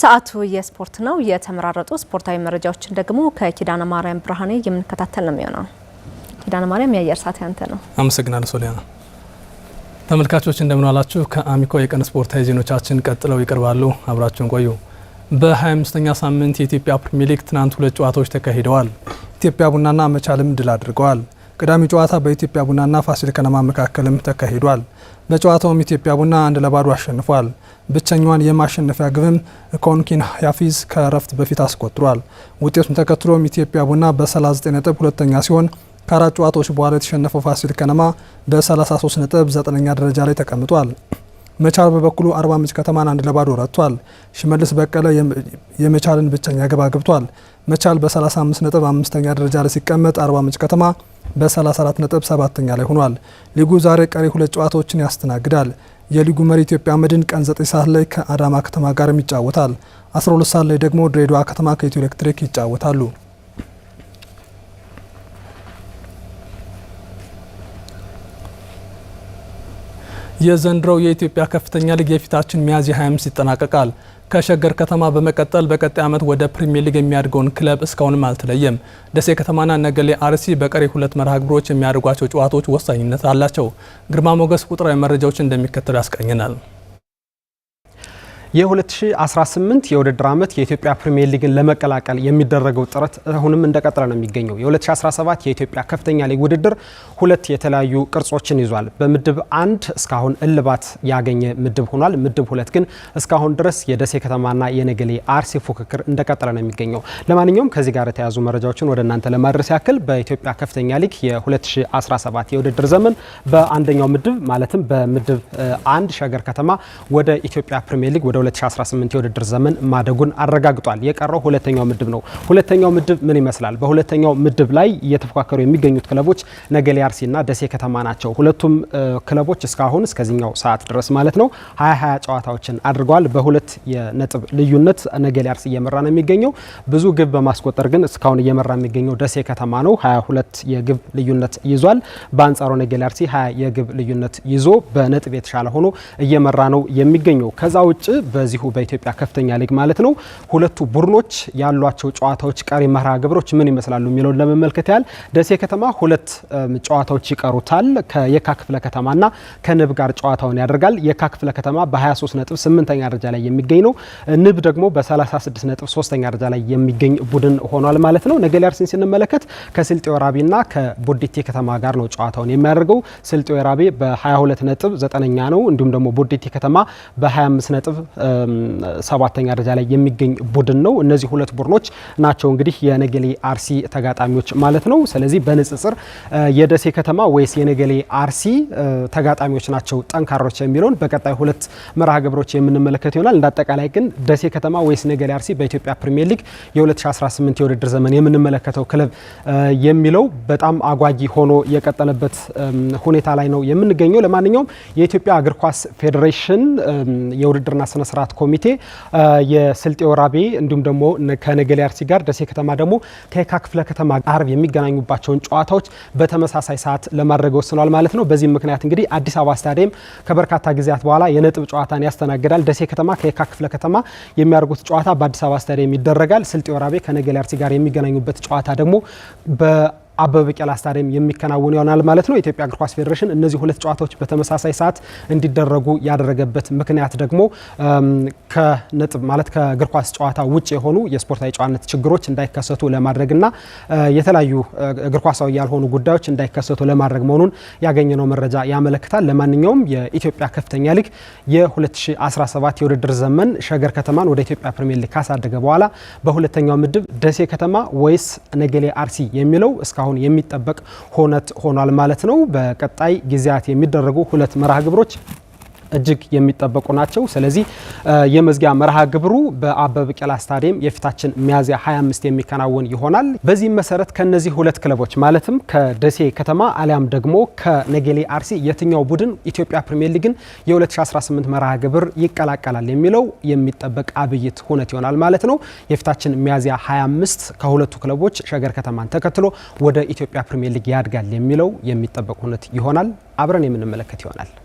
ሰዓቱ የስፖርት ነው። የተመራረጡ ስፖርታዊ መረጃዎችን ደግሞ ከኪዳነ ማርያም ብርሃኔ የምንከታተል ነው የሚሆነው። ኪዳነ ማርያም የአየር ሰዓት ያንተ ነው። አመሰግናለሁ ሶሊያና። ተመልካቾች እንደምን ከአሚኮ የቀን ስፖርታዊ ዜናዎቻችን ቀጥለው ይቀርባሉ። አብራችሁን ቆዩ። በ25ኛ ሳምንት የኢትዮጵያ ፕሪሚየር ሊግ ትናንት ሁለት ጨዋታዎች ተካሂደዋል። ኢትዮጵያ ቡናና መቻልም ድል አድርገዋል። ቅዳሜው ጨዋታ በኢትዮጵያ ቡናና ፋሲል ከነማ መካከልም ተካሂዷል። በጨዋታውም ኢትዮጵያ ቡና አንድ ለባዶ አሸንፏል። ብቸኛዋን የማሸነፊያ ግብም ኮንኪን ያፊዝ ከረፍት በፊት አስቆጥሯል። ውጤቱን ተከትሎም ኢትዮጵያ ቡና በ39 ነጥብ ሁለተኛ ሲሆን ከአራት ጨዋታዎች በኋላ የተሸነፈው ፋሲል ከነማ በ33 ነጥብ ዘጠነኛ ደረጃ ላይ ተቀምጧል። መቻል በበኩሉ አርባ ምንጭ ከተማን አንድ ለባዶ ረቷል። ሽመልስ በቀለ የመቻልን ብቸኛ ግብ አግብቷል። መቻል በ35 ነጥብ አምስተኛ ደረጃ ላይ ሲቀመጥ አርባ ምንጭ ከተማ በ34 ነጥብ ሰባተኛ ላይ ሆኗል። ሊጉ ዛሬ ቀሪ ሁለት ጨዋታዎችን ያስተናግዳል። የሊጉ መሪ ኢትዮጵያ መድን ቀን 9 ሰዓት ላይ ከአዳማ ከተማ ጋርም ይጫወታል። 12 ሰዓት ላይ ደግሞ ድሬዳዋ ከተማ ከኢትዮ ኤሌክትሪክ ይጫወታሉ። የዘንድሮው የኢትዮጵያ ከፍተኛ ሊግ የፊታችን ሚያዝያ 25 ይጠናቀቃል። ከሸገር ከተማ በመቀጠል በቀጣይ ዓመት ወደ ፕሪሚየር ሊግ የሚያድገውን ክለብ እስካሁንም አልተለየም። ደሴ ከተማና ነገሌ አርሲ በቀሪ ሁለት መርሃ ግብሮች የሚያደርጓቸው ጨዋታዎች ወሳኝነት አላቸው። ግርማ ሞገስ ቁጥራዊ መረጃዎች እንደሚከተሉ ያስቃኘናል። የ2018 የውድድር ዓመት የኢትዮጵያ ፕሪሚየር ሊግን ለመቀላቀል የሚደረገው ጥረት አሁንም እንደቀጠለ ነው የሚገኘው። የ2017 የኢትዮጵያ ከፍተኛ ሊግ ውድድር ሁለት የተለያዩ ቅርጾችን ይዟል። በምድብ አንድ እስካሁን እልባት ያገኘ ምድብ ሆኗል። ምድብ ሁለት ግን እስካሁን ድረስ የደሴ ከተማና የነገሌ አርሲ ፉክክር እንደቀጠለ ነው የሚገኘው። ለማንኛውም ከዚህ ጋር የተያዙ መረጃዎችን ወደ እናንተ ለማድረስ ያክል በኢትዮጵያ ከፍተኛ ሊግ የ2017 የውድድር ዘመን በአንደኛው ምድብ ማለትም በምድብ አንድ ሸገር ከተማ ወደ ኢትዮጵያ ፕሪሚየር ሊግ 2018 የውድድር ዘመን ማደጉን አረጋግጧል። የቀረው ሁለተኛው ምድብ ነው። ሁለተኛው ምድብ ምን ይመስላል? በሁለተኛው ምድብ ላይ እየተፎካከሩ የሚገኙት ክለቦች ነገሌ አርሲና ደሴ ከተማ ናቸው። ሁለቱም ክለቦች እስካሁን እስከዚህኛው ሰዓት ድረስ ማለት ነው 2020 ጨዋታዎችን አድርገዋል። በሁለት የነጥብ ልዩነት ነገሌ አርሲ እየመራ ነው የሚገኘው። ብዙ ግብ በማስቆጠር ግን እስካሁን እየመራ የሚገኘው ደሴ ከተማ ነው። 22 የግብ ልዩነት ይዟል። በአንጻሩ ነገሌ አርሲ 20 የግብ ልዩነት ይዞ በነጥብ የተሻለ ሆኖ እየመራ ነው የሚገኘው። ከዛ ውጭ በዚሁ በኢትዮጵያ ከፍተኛ ሊግ ማለት ነው። ሁለቱ ቡድኖች ያሏቸው ጨዋታዎች፣ ቀሪ መርሃ ግብሮች ምን ይመስላሉ የሚለውን ለመመልከት ያህል ደሴ ከተማ ሁለት ጨዋታዎች ይቀሩታል። ከየካ ክፍለ ከተማና ከንብ ጋር ጨዋታውን ያደርጋል። የካ ክፍለ ከተማ በ23 ነጥብ ተኛ ደረጃ ላይ የሚገኝ ነው። ንብ ደግሞ በ36 ነጥብ ሶስተኛ ደረጃ ላይ የሚገኝ ቡድን ሆኗል ማለት ነው። ነገሌ አርሲን ስንመለከት ከስልጤ ወራቤና ከቦዲቴ ከተማ ጋር ነው ጨዋታውን የሚያደርገው። ስልጤ ወራቤ በ22 ነጥብ ዘጠነኛ ነው። እንዲሁም ደግሞ ቦዲቴ ከተማ በ25 ነጥብ ሰባተኛ ደረጃ ላይ የሚገኝ ቡድን ነው። እነዚህ ሁለት ቡድኖች ናቸው እንግዲህ የነገሌ አርሲ ተጋጣሚዎች ማለት ነው። ስለዚህ በንጽጽር የደሴ ከተማ ወይስ የነገሌ አርሲ ተጋጣሚዎች ናቸው ጠንካሮች የሚለውን በቀጣይ ሁለት መርሃ ግብሮች የምንመለከት ይሆናል። እንደ አጠቃላይ ግን ደሴ ከተማ ወይስ ነገሌ አርሲ በኢትዮጵያ ፕሪሚየር ሊግ የ2018 የውድድር ዘመን የምንመለከተው ክለብ የሚለው በጣም አጓጊ ሆኖ የቀጠለበት ሁኔታ ላይ ነው የምንገኘው። ለማንኛውም የኢትዮጵያ እግር ኳስ ፌዴሬሽን የውድድርና ስነ ስርዓት ኮሚቴ የስልጤ ወራቤ እንዲሁም ደግሞ ከነገሌ አርሲ ጋር ደሴ ከተማ ደግሞ ከየካ ክፍለ ከተማ አርብ የሚገናኙባቸውን ጨዋታዎች በተመሳሳይ ሰዓት ለማድረግ ወስኗል ማለት ነው። በዚህም ምክንያት እንግዲህ አዲስ አበባ ስታዲየም ከበርካታ ጊዜያት በኋላ የነጥብ ጨዋታን ያስተናግዳል። ደሴ ከተማ ከየካ ክፍለ ከተማ የሚያደርጉት ጨዋታ በአዲስ አበባ ስታዲየም ይደረጋል። ስልጤ ወራቤ ከነገሌ አርሲ ጋር የሚገናኙበት ጨዋታ ደግሞ አበበ ቢቂላ ስታዲየም የሚከናወኑ ይሆናል ማለት ነው። የኢትዮጵያ እግር ኳስ ፌዴሬሽን እነዚህ ሁለት ጨዋታዎች በተመሳሳይ ሰዓት እንዲደረጉ ያደረገበት ምክንያት ደግሞ ከነጥብ ማለት ከእግር ኳስ ጨዋታ ውጭ የሆኑ የስፖርታዊ ጨዋነት ችግሮች እንዳይከሰቱ ለማድረግና የተለያዩ እግር ኳሳዊ ያልሆኑ ጉዳዮች እንዳይከሰቱ ለማድረግ መሆኑን ያገኘነው መረጃ ያመለክታል። ለማንኛውም የኢትዮጵያ ከፍተኛ ሊግ የ2017 የውድድር ዘመን ሸገር ከተማን ወደ ኢትዮጵያ ፕሪሚየር ሊግ ካሳደገ በኋላ በሁለተኛው ምድብ ደሴ ከተማ ወይስ ነገሌ አርሲ የሚለው እስካሁን አሁን የሚጠበቅ ሆነት ሆኗል ማለት ነው። በቀጣይ ጊዜያት የሚደረጉ ሁለት መርሃ ግብሮች እጅግ የሚጠበቁ ናቸው። ስለዚህ የመዝጊያ መርሃ ግብሩ በአበበ ቢቂላ ስታዲየም የፊታችን ሚያዝያ 25 የሚከናወን ይሆናል። በዚህም መሰረት ከነዚህ ሁለት ክለቦች ማለትም ከደሴ ከተማ አሊያም ደግሞ ከነገሌ አርሲ የትኛው ቡድን ኢትዮጵያ ፕሪምየር ሊግን የ2018 መርሃ ግብር ይቀላቀላል የሚለው የሚጠበቅ አብይት ሁነት ይሆናል ማለት ነው። የፊታችን ሚያዝያ 25 ከሁለቱ ክለቦች ሸገር ከተማን ተከትሎ ወደ ኢትዮጵያ ፕሪምየር ሊግ ያድጋል የሚለው የሚጠበቅ ሁነት ይሆናል። አብረን የምንመለከት ይሆናል።